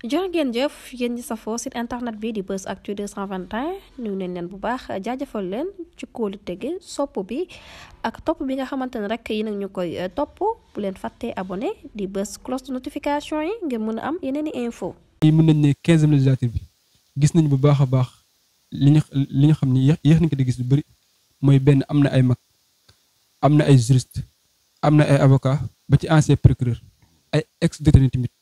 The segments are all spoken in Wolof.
jërë ngeen jëf yéen ñi safoo site internet bi di bës Buzz Actu 221 nuyu nañ leen bu baax jaajëfal leen ci kóolu tege sopp bi ak topp bi nga xamante ne rek yi nag ñu koy euh, topp bu leen fàttee abone di bës cloche de notification yi ngeen mën a am yeneen i info yi mën nañ ne quinzième législative bi gis nañ bu baax a baax li ñu li ñu xam ni yéex nañ ko di gis lu bëri mooy benn am na ay mag am na ay juriste am na ay avocat ba ci ancien procureur ay ex détenu tamit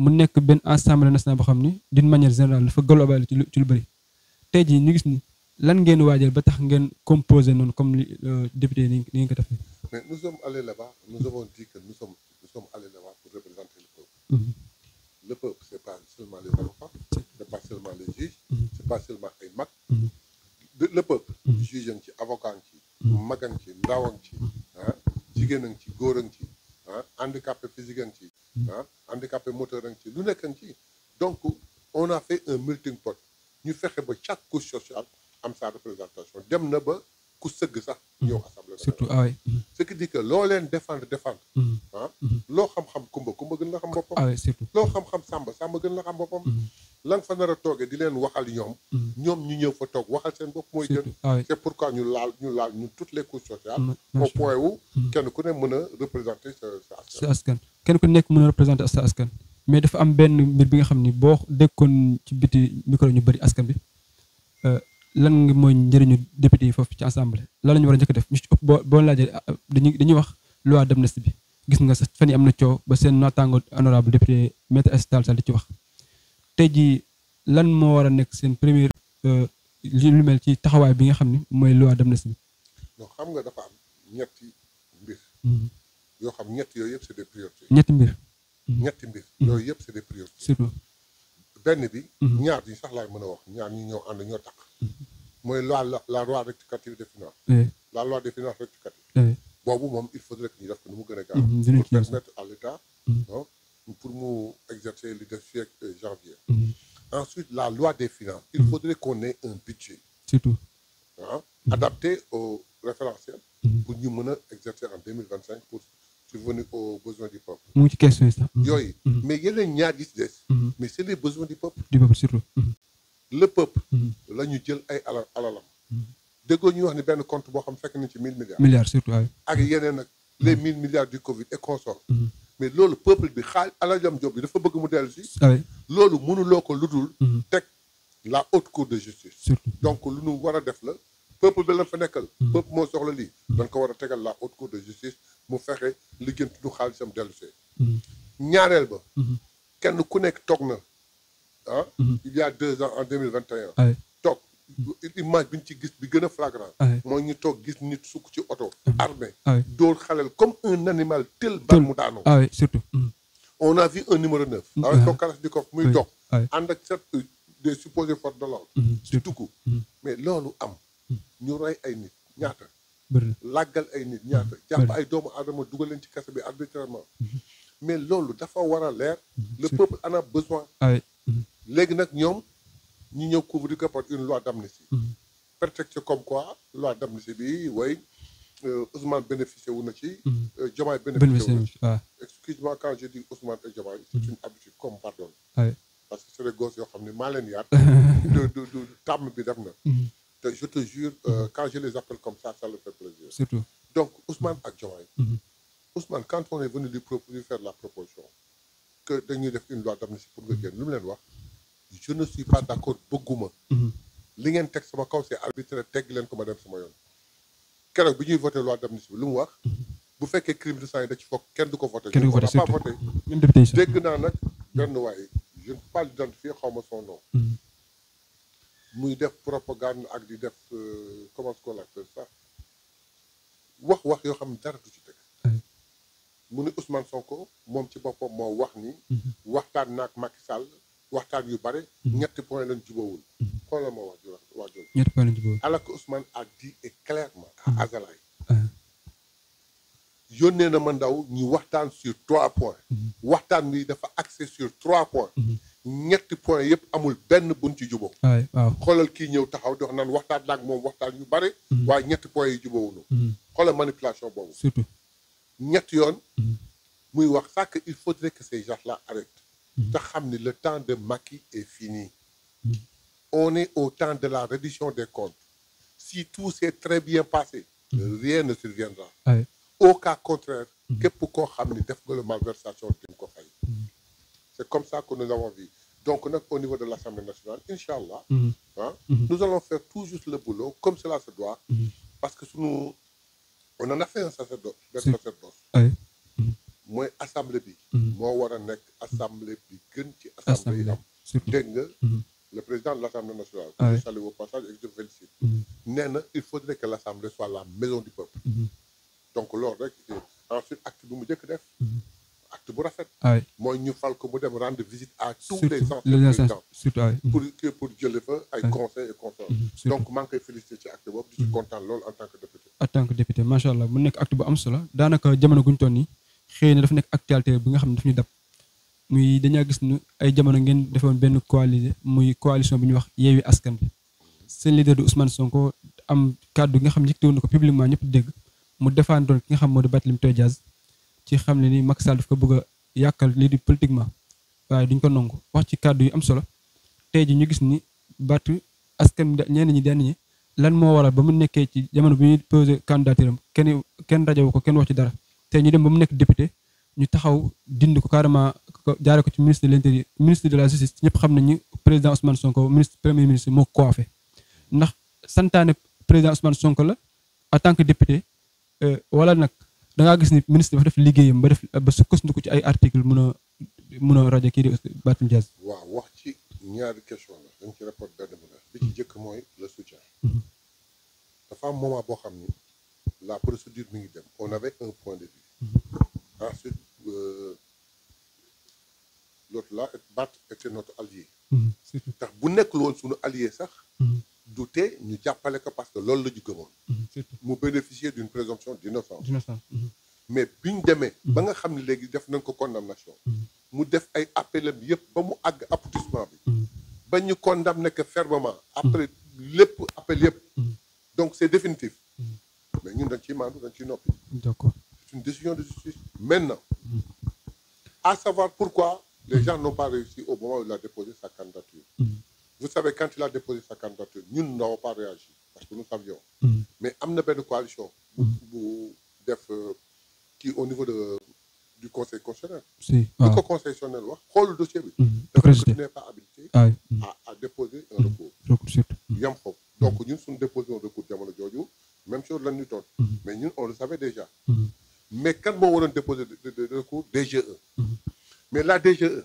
mu nekk benn assemblée nationale boo xam ni d'une manière générale dafa global ci lu ci tey jii ñu gis ni lan ngeen waajal ba tax ngeen composé noonu comme li euh, député ni ngi ko defee. mais nous sommes allés là-bas nous avons dit que nous sommes nous sommes allés là-bas pour représenter le peuple. Mm-hmm. le peuple c'est pas seulement les enfants. c'est pas seulement les juges. Mm-hmm. c'est pas ay mag. Mm-hmm. le peuple. juge ci avocat ci. mag ci ndaw ci. ah jigéen ci góor ci. ah handicapé physique ci. ah. handicapé moteur a ngi ci lu nekk a ngi ci donc on a fait un melting pot ñu fexe ba chaque couche sociale am sa représentation dem na ba ku sëgg sax mm-hmm. ñëw assemblée surtout ah oui mm-hmm. ce qui que loo leen défendre défendre mm-hmm. ah loo xam-xam kumba kumba gën la xam boppam ah loo xam-xam sàmba sàmba gën la xam boppam la nga fa nar a toogee di leen waxal ñoom ñoom ñu ñëw fa toog waxal seen bopp mooy gën ah c'est pourquoi ñu laal ñu laal ñu toutes les couches sociales au a kenn ku nekk mën a représenter sa askan mais dafa am benn mbir bi nga xam ni boo déggoon ci biti micro ñu bëri askan bi euh, lan nga mooy njëriñu député yi foofu ci assemblée lan la ñu war a njëkk def ñu ci ëpp boo boo laajee ah, dañuy dañuy wax loi d'amnistie bi gis nga sax fan yi am na coow ba seen naataango honorable député maître Aïssata Tall Sall di ci wax tey jii lan moo war a nekk seen première euh, li lu mel ci taxawaay bi nga xam ne mooy loi d'amnistie bi. non xam nga dafa yoo xam ñett yooyu yëpp c'est des priorités. ñetti mbir. Mhm. Mhm. yëpp c'est des priorités. surtout benn bi. Mhm. ñaar yi sax laay mën a wax ñaar ñi ñoo ànd ñoo tax. mooy la la loi rectificative des finances. la loi des finances rectificative. boobu moom il faudrait que ñu def ko nu mu gën a gaaw. pour permettre à l'État. pour mu exercer le défi ak euh, janvier. ensuite la loi des finances. il faudrait qu'on ait un budget. surtout ah adapté au référentiel. pour ñu mën a exercer en deux mille cinq pour. subvenir aux oh, besoins du peuple. mu ngi ci question yi sax. Mhm. yooyu. Mhm. mais yeneen ñaar yi ci des. Mhm. mais c'est les besoins du peuple. du peuple surtout. le peuple. la ñu jël ay alal alalam. déggoo ñuy wax ni benn compte boo xam fekk nañ ci mille milliards. milliards surtout waaye. ak yeneen nag les mille milliards du Covid et consorts. mais loolu peuple bi xaal alalam job bi dafa bëgg mu dellu si. Ah loolu mënuloo ko lu dul teg la haute cour de justice. donc lu nu war a def la. peuple bi la fa nekkal. Mm. peuple moo soxla lii. Mm. dañ ko war a tegal la haute cour de justice mu fexe liggéeyam du xaalisam dellusee. Mm. ñaareel ba. -hmm. kenn ku nekk toog na ah. -hmm. il y a deux ans en deux mille vingt et un. toog image bi ñu ci gis bi gën a flagrant. mooy ñu toog gis nit sukk ci oto. -hmm. armé dóor xaleel comme un animal tel bal mu daanoo. Ah on a vu un numéro neuf. avec son kalachnikov muy dox. ànd ak set euh, des supposés forces de l'ordre. surtout mais loolu am. ñu rey ay nit ñaata. làggal ay nit ñaata. jàpp ay doomu aadama dugal leen ci kase bi arbitrairement. Mm-hmm. mais loolu dafa wara leer. Mm-hmm. le peuple en a besoin. Mm-hmm. léegi nag ñoom ñu ñëw couvrir ko par une loi d'amnistie. prétexte comme quoi loi d'amnistie bi way euh, Ousmane bénéficié wu na ci. Euh, Diomaye bénéficié wu na ci excuse quand je dis Ousmane et c'est une habitude comme pardon. parce que c'est des gosses yoo xam ne maa leen yaat. du bi def na. je te jure, euh, mm-hmm. quand je les appelle comme ça, ça leur fait Donc, Ousmane ak Diomaye. Mm-hmm. Ousmane quand on est venu lui, lui la proposition que dañuy def une loi d'amnistie pour nga génn lu mu leen wax je ne suis pas d'accord bëgguma. Mm-hmm. li ngeen teg sama kaw c'est arbitraire tegg leen ko ma dem sama yoon. keroog bi ñuy voté loi d'amnistie bi lu mu wax. bu fekkee crime de sang yi da ci kenn du ko voté. kenn du ko voté surtout dégg naa nag benn waay je ne peux pas l'identifier xaw ma son nom. muy def propagande ak di def euh, comment qu'on l'appelle ça wax wax yoo xam ne dara du ci dëgg mu ne Ousmane Sonko moom ci boppam moo wax ni mhm. waxtaan naag Macky Sall waxtaan yu bare mhm. ñetti point lañ jubawul mhm. xoolal ma wax ju wax jooju ñetti point lañ jubawul alors que Ousmane clairement à Azalaï yónnee na ma ndaw ñu waxtaan sur trois points waxtaan bi dafa axé sur trois points ñetti point yëpp amul benn buñ ci juboo waaw xoolal kii ñëw taxaw di wax naan waxtaan laak moom waxtaan ñu bare mm-hmm. waaye ñetti point yi jubóowunu mm-hmm. xoolal manipulation boobu surtout ñetti yoon mm-hmm. muy wax sàkk il faudrait que ces gens là arrêtent xam ni le temps de Macky est fini on est au temps de la reddition des comptes si tout s'est très bien passé rien ne surviendra au cas contraire képp koo xam ni def nga la malversation C'est comme ça que nous avons vu. Donc, au niveau de l'Assemblée nationale, Inch'Allah, mm -hmm. nous allons faire tout juste le boulot comme cela se doit, mm-hmm. parce que nous, on en a fait un sacerdoce. Un sacerdoce. Oui. mooy assemblée bi. moo war nekk assemblée bi gën ci. assemblée yi am dégg nga. le président de l' assemblée nationale. que ah je au passage et que il faudrait que l' soit la maison du peuple. donc loolu rek ensuite acte bi mu acte bu rafet. mooy ñu fal ko mu dem rendre visite à tous les anciens présidents pour pour jële fa ay conseils et conseils. Mhm, donc maa ngi koy félicité mhm. en tant que député. en allah mu nekk acte bu am solo daanaka jamono guñ toll nii xëy na dafa nekk actualité bi nga xam ne daf ñu dab muy dañaa gis ne ay jamono ngeen defoon benn coalisé muy coalition bi ñu wax yeewi askan bi seen leader du Ousmane Sonko am kàddu nga xam ne yëkkatiwoon ko publiquement ñëpp dégg mu défendre ki nga xam moo di Barthélémy Dias ci xam ne ni Macky Sall daf ko bëgg a yàqal lii di politiquement waaye duñ ko nangu wax ci kàddu yu am solo tey ji ñu gis ni battu askan ñenn ñi denn ñi lan moo waral ba mu nekkee ci jamono bi ñuy posé candidature kenn kenn rajo ko kenn wax ci dara te ñu dem ba mu nekk député ñu taxaw dind ko carrément jaaree ko ci ministre de l'intérieur ministre de la justice ñëpp xam nañu président Ousmane Sonko ministre premier ministre moo ko coiffé ndax santaane président Ousmane Sonko la en tant que député euh, wala nag da ngaa gis ni ministre dafa def liggéeyam ba def ba sukkandiku ci ay article mën a rajo kii di Barthélémy waaw wax ci ñaari question la dañ ci rapport benn bi la mm-hmm. njëkk mooy le soutien. Mm-hmm. am moment boo xam ni la procédure mi ngi dem on avait un point de vue. Mm-hmm. ensuite euh, l'autre là Barth était notre allié. surtout ndax bu nekk woon suñu allié sax. du tee ñu jàppale ko parce que loolu la ñu gëmoon mhm, mu bénéficier d'une présomption d'innocence mhm. mais bi ñu demee mhm. ba nga xam ni léegi def nañ ko condamnation mu def ay appelam yëpp ba mu àgg aboutissement bi ba ñu condamné que fermement après lépp appel yëpp donc c'est définitif mais ñun dañ ciy maandu dañ ciy noppi d'accord c'est une décision de justice maintenant à savoir pourquoi les gens n'ont pas réussi au moment où il a sa candidature vous savez quand il a déposé sa candidature ñun n'avons pas réagi parce que nous savions mm. mais am na benn coalition bu mm. def euh, kii au niveau de du conseil constitutionnel si waaw conseil constitutionnel wax xoolu dossier bi mm. dafa que tu n'es pas habilité ah, mm. à déposer un recours donc ñun suñu déposé un recours jamono jooju même chose lan ñu doon mais ñun on le savait déjà mais kan moo waroon déposer de recours DGE mais la DGE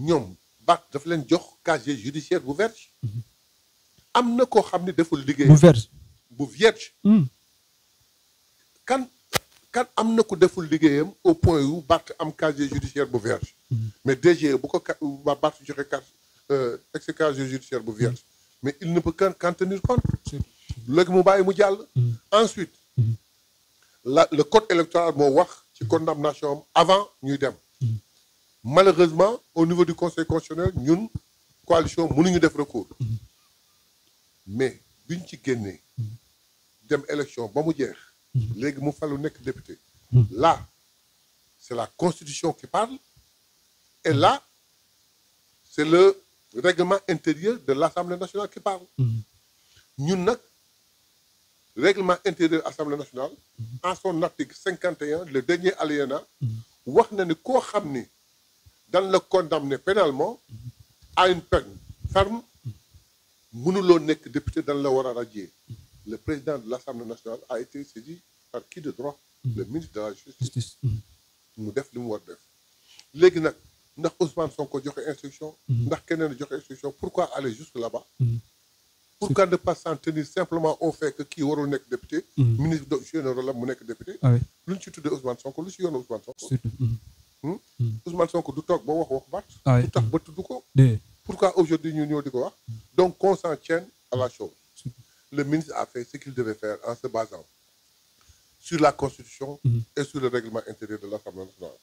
ñoom Barth daf leen jox casier judiciaire bu vierge mhm. am na koo xam ne deful liggéey bu vierge bu vierge hmm. kan kan am na ko deful liggéeyam au point yu Barth am casier judiciaire bu vierge hmm. mais DG bu ko ba Barth joxe carte euh, casier judiciaire bu vierge hmm. mais il ne peut qu'en tenir compte léegi mu bàyyi mu jàll ensuite la le code électoral moo wax ci condamnation am avant ñuy dem malheureusement au niveau du conseil constitutionnel ñun coalition mënuñu def recours mais biñ ci génnee dem élection ba mu jeex léegi mu falu nekk député là c'est la constitution qui parle et là c'est le règlement intérieur de l'Assemblée nationale qui parle ñun nag règlement intérieur Assemblée nationale en son article 51 le dernier alinéa wax na ni koo xam ni dañ la condamné pénalement à une peine ferme mënuloo nekk député dañ la war a radier le président de l'Assemblée nationale a été saisi par qui de droit mm-hmm. le ministre de la justice mm-hmm. mu def li mu war def léegi nag ndax Ousmane Sonko joxe instruction mm-hmm. ndax keneen joxe instruction pourquoi aller jusque là-bas pourquoi ne pas s'en tenir simplement au fait que kii warul nekk député ministre général la mu nekk député ah lu ñu ci tuddee Ousmane Sonko lu Hmm? Hmm. Ousmane Sonko du toog ba wax wax baat. Ah, tax ba tudd ko. pourquoi aujourd'hui ñu ñoo di ko wax. Hmm. donc qu'on s'en tienne à la chose. le ministre a fait ce qu'il devait faire en se basant sur la constitution. et sur le règlement intérieur de l'Assemblée nationale.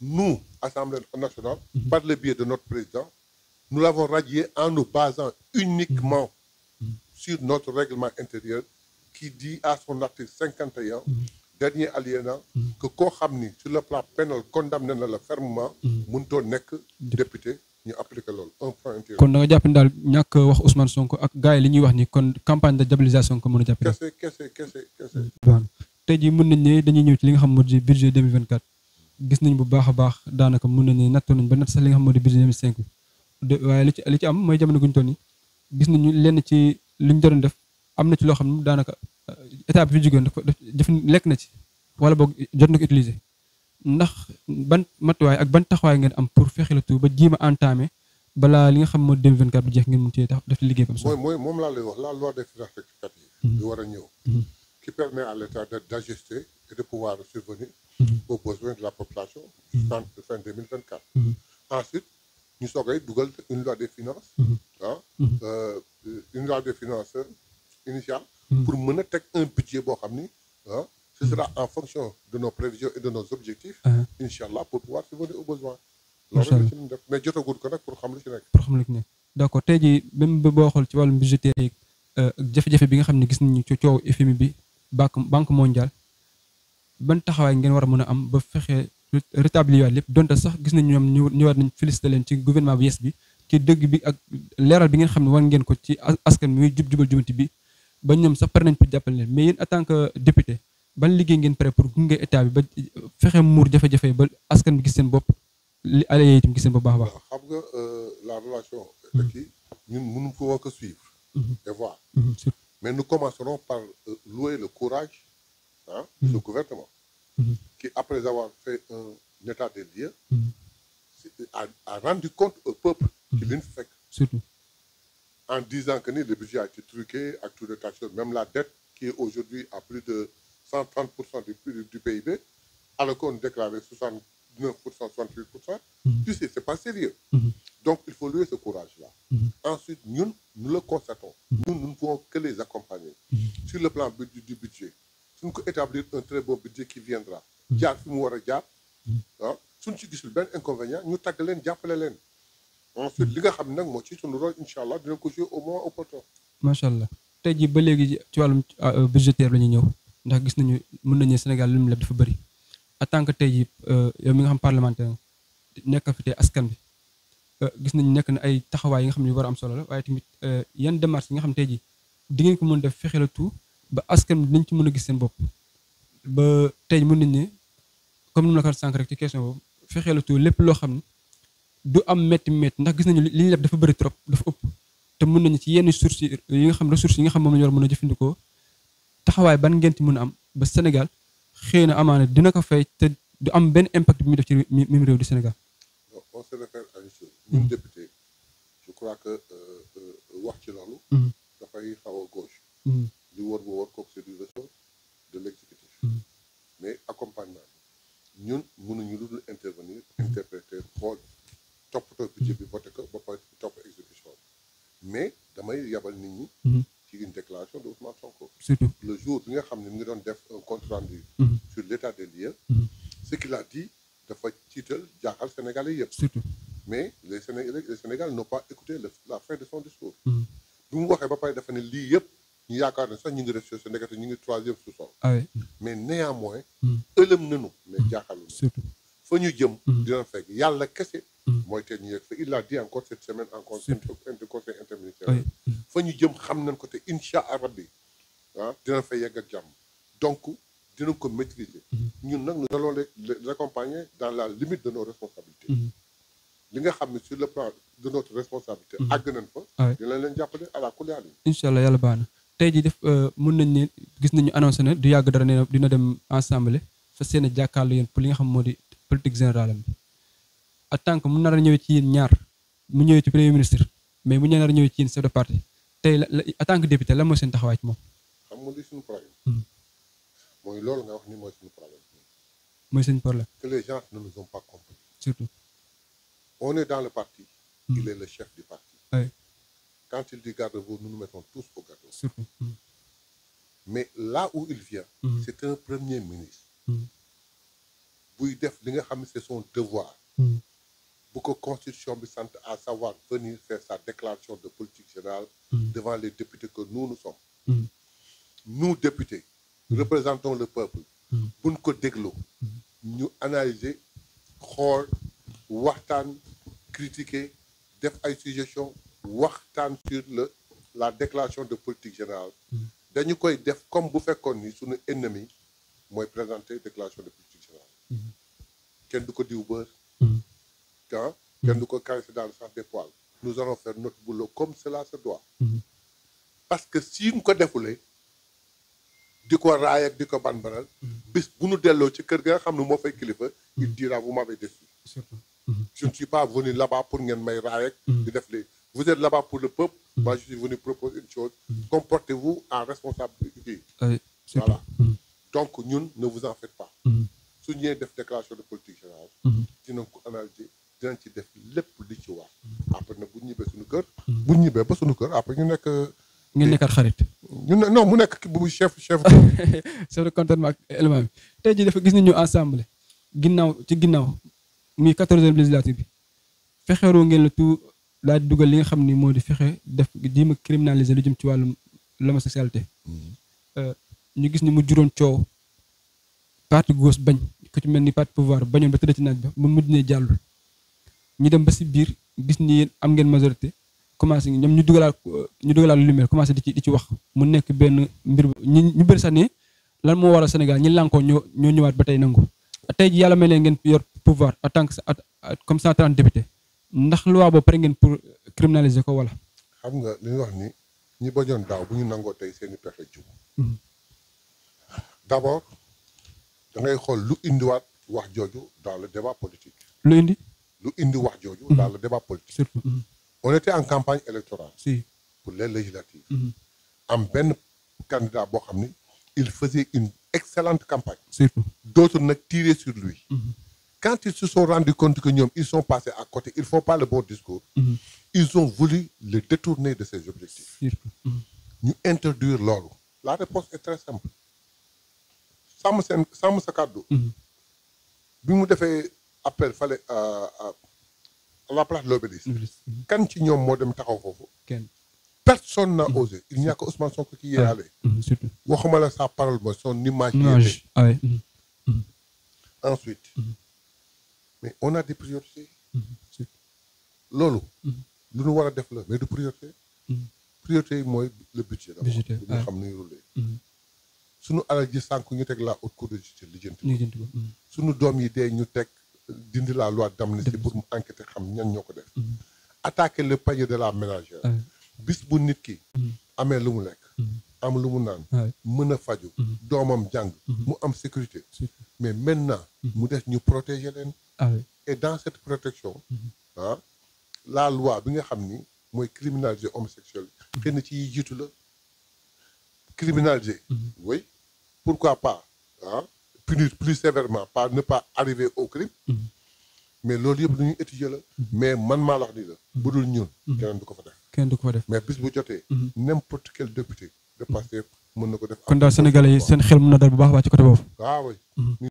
nous Assemblée nationale. par le biais de notre président. nous l'avons radié en nous basant uniquement. sur notre règlement intérieur qui dit à son article 51. dernier mm. koo xam ni sur le plan pénal condamné na la fermement mm. mënutoo nekk député ñu appliqué loolu un point intérieur kon da nga jàpp ni daal ñàkk wax Ousmane Sonko ak gars yi li ñuy wax ni kon campagne de diabolisation ko mën a jàpp jii mën nañ ne dañuy ñëw ci li nga xam moo di budget 2024 gis nañ bu baax a baax daanaka mën nañ ne nattoo nañ ba natt sax li nga xam moo di budget 2005 de waaye li ci li ci am mooy jamono guñu toll nii gis nañu lenn ci li ñu doon def am na ci loo xam ne daanaka état bi fi jógoon dafa def lekk na ci wala boog jot na ko utiliser ndax ban matuwaay ak ban taxawaay ngeen am pour fexe la ba jéem a entamé balaa li nga xam mooy 2024 bu jeex ngeen mun cee def liggéey ba. mooy mooy moom laa lay wax la loi des finances rectificative mhm. bi war a ñëw. Mhm. qui permet à l' état d' ajuster et de pouvoir survenir. Mhm. de la population. jusqu'en fin 2024. ensuite ñu soog a dugal une loi des finances. ah euh, une loi des finances initiale. Hmm. pour mën a teg un budget boo xam ni ah ce sera hmm. en fonction de nos prévisions et de nos objectifs ah. incha allah pour pouvoir subvenir aux besoins loolu la ci ñu jotagul ko nag pour xam lu ci nekk pour xam lu ci nekk tey jii même boo xool ci wàllum budgétaire yeeg euh, jafe-jafe bi nga xam ne gis nañu ci coow FMI bi banque banque mondiale ban taxawaay ngeen war a mën a am ba fexe rétablir waat lépp donte sax gis nañ ñoom ñu ñëwaat nañ félicité leen ci gouvernement bi yes bi ci dëgg bi ak leeral bi ngeen xam ne war ngeen ko ci askan mi muy jub jubal jubanti bi ba ñoom sax pare nañ pour jàppale leen mais yéen en tant que député ban liggéey ngeen pare pour gunge état bi ba fexe muur jafe-jafe ba askan bi gis seen bopp li alliés itam gis seen bopp baax a baax. xam nga euh, la relation. kii ñun mënuñu ko war a suivre. Mhm. et voir. Mhm, mais nous commencerons par euh, louer le courage ah. du gouvernement. qui après avoir fait un état des lieux. a rendu compte au peuple. ci li fekk surtout. en disant que ni le budget a été truqué, à tout de même la dette qui est aujourd'hui à plus de 130% du, du, PIB, alors qu'on déclarait 69%, 68%, mmh. tu sais, c'est pas sérieux. Mmh. Donc, il faut lui ce courage-là. Mmh. Ensuite, nous, nous le constatons. Mm-hmm. Nous, nous ne pouvons que les accompagner mm-hmm. sur le plan du, du budget. Nous pouvons établir un très bon budget qui viendra. Diar, Fimoura, Diar. Hein? Si nous avons un inconvénient, nous taguons, diapelons. ensuite li nga xam nag moo ci sunu rôle incha allah dina ko jouer au moment opportun. macha allah tey jii ba léegi ci wàllum ah, euh, budgétaire la ñuy ñëw ndax gis nañu mën nañu Sénégal li mu leb dafa bëri en tant que tey jii euh, yow mi nga xam parlementaire nekkal fi tey askan bi euh, gis nañu nekk na ay taxawaay yi nga xam ne war a am solo la waaye tamit yan démarche yi nga xam tey jii di ngeen ko mën def fexe la tout ba askan bi dañ ci mën a gis seen bopp ba tey mun nañu ne comme ni ma la ci question boobu fexe la lépp loo xam ne du am métti métti ndax gis nañu li ñu def dafa bari trop dafa ëpp te mën nañu ci yenn sources yi nga xam ressources yi nga xam moom la ñu war mën a jëfandikoo taxawaay ban ngeen ci mën a am ba Sénégal xëy na amaana dina ko fay te du am benn impact bi muy def ci même réew di Sénégal. on ñun mm-hmm. député je crois que euh, euh, wax ci loolu. Mm-hmm. dafay xaw a gauche. Mm-hmm. li war bu war kooku c'est du ressort intervenir interpréter xool. toppatoo budget bi voté ko ba pare topp exécution bi mais damay yabal nit ñi mhm. ci déclaration de Ousmane Sonko surtout le jour bi nga xam ne mu ngi doon def un compte rendu mhm. sur l' état des lieux mhm. ce qu'il a dit dafa tiital jaaxal sénégalais yëpp surtout mais les sénégalais les sénégalais n'ont pas écouté la fin de son discours bi mu waxee ba pare dafa ne lii yëpp ñu yaakaar ne sax ñu ngi restio sa ndekete ñu ngi troisième sous-sol ah mais néanmoins ëlëm nañu mais jaaxalu na surtout fa ñu jëm dina fekk Mm. mooy te ñu yegg fa il a dit encore mm. jëm xam nañ ko te incha allah rabbi ah, ak jàmm donc dinañ ko maîtriser mm-hmm. ñun nag nous allons les accompagner dans la limite de nos responsabilités mm-hmm. nga xam ne sur le plan de notre responsabilité mm-hmm. àgg nañ fa ah dina leen jàppale à la kuleal yi incha allah yàlla baax na tey jii def euh, mën nañ ne gis nañu annoncé ne du yàgg dara ne dina dem ensemble fa seen a jàkkaarloo yéen pour li nga xam moo di politique générale am bi tant que mu nar a ñëw ci yéen ñaar mu ñëwee ci premier ministre mais mu nar a ñëw ci yéen chef de parti la la mooy seen taxawaay moom. Hmm. mooy loolu nga wax ni mooy suñu problème. mooy seen problème. que les gens ne nous ont pas compris. surtout. on est dans le parti. Mm. il est le chef du parti. Oui. quand il dit garde-vous nous nous mettons tous au garde surtout. Hmm. mais là où il vient. Hmm. c'est un premier ministre. buy def li nga xam ne c'est son devoir. bu ko constitution bi sant à savoir venir faire sa déclaration de politique générale hmm. devant les députés que nous nous sommes hmm. nous députés hmm. représentons le peuple buñ ko dégloo ñu analyser xool waxtaan critiquer def ay suggestion waxtaan sur le la déclaration de politique générale dañu koy def comme bu fekkoon ni suñu ennemi mooy présenter déclaration de politique générale kenn du ko diw bër temps mm-hmm. kenn du ko caresser dans le sens des poils nous allons faire notre boulot comme cela se doit mm-hmm. parce que si ñu ko defulee di ko raay ak di ko banbaral mm-hmm. bis bu ñu delloo ci kër ga nga xam ne moo fay kilifa il dira vous m'avez déçu je ne suis pas venu là pour ngeen may raay ak di vous êtes là pour le peuple moi je suis venu proposer une chose comportez-vous en responsabilité euh, voilà donc ñun ne vous en faites pas su ñëwee def déclaration de politique générale dinañ ci def lépp li ci war mm. après nag bu ñibbee suñu kër bu ñibbee ba suñu kër après ñu nekk ngeen nekkaat xarit no mu nekk bu chef chef chef de cantonnement ak tey jii dafa gis nañu assemblée ginnaaw ci ginnaaw muy quatorzième législature bi fexeeroo ngeen la tout laa dugal li nga xam ni moo di fexe def jéem a lu jëm ci wàllu wàllum l'homosexualité mm-hmm. euh, ñu gis ni mu juróon coow parti gauche bañ ku ci mel ni parti pouvoir bañoon ba tëdd ci naaj ba mu mujj ne jàllul ñu dem ba si biir gis ni yéen am ngeen majorité commencé ñoom ñu dugalaat euh, ñu dugalaat lumière commencé di ci di ci wax mu nekk benn mbir ñu ñu bëri sax ne lan moo waral Sénégal ñi lànkoo ñoo ñoo ñëwaat ba tey nangu tey ji yàlla may leen ngeen yor pouvoir en tant que comme 130 députés ndax loi boobu pare ngeen pour criminaliser ko wala. xam nga li wax ni ñi bañoon daaw bu ñu nangoo tey seen i pexe jub. Mhm. d' abord da xool lu indiwaat wax jooju dans le lu indi. lu indi wax jooju. Mm-hmm. dans le débat politique. surtout mm-hmm. on était en campagne électorale. pour les législatives. Mm-hmm. am benn candidat boo xam ni il faisait une excellente campagne. surtout d'autres nag tiré sur lui. quand ils se sont rendus compte que ñoom ils sont passés à côté ils font pas le bon discours. ils ont voulu le détourner de ses objectifs. ñu introduire loolu. la réponse est très simple. sàmm sa kàddu. bi mu defee. appel fale euh, euh, à la place de l'obélisque mhm. kan ci ñoom moo dem taxaw foofu kenn personne n'a mhm. osé il n'y a que Ousmane Sonko qui y est allé mhm, sa parole mooy son image ah ensuite mais on a des priorités loolu lu nu war a def la mais du priorité priorité yi mooy le budget d'abord bu ñu xam nuy rouler suñu alal ji sànk ñu teg la haute cour de justice lijjanti ko suñu doom yi dee ñu teg dindi la loi d'amnistie pour mu enquêter xam ñan ñoo ko def attaquer le panier de la ménagère bis bu nit ki mm. amee lu mu lekk mm. am lu mu naan mën a faju mm. doomam jàng mu am sécurité mais maintenant mu des ñu protéger leen ah et dans cette protection ah la loi bi nga xam ni mooy criminaliser homosexuel xëy na ci yi jiitu la criminaliser oui pourquoi pas ah, punir plus sévèrement pas ne pas arriver au crime mm-hmm. mais loolu yëpp dañuy étudier la mm-hmm. mais man maa la wax nii la mm-hmm. bu dul ñun keneen du ko fa def keneen du ko fa def mais bis bu jotee n'importe quel député de Pastef mën na ko def kon daal sénégalais seen xel mën na dal bu baax baax ci côté boobu ah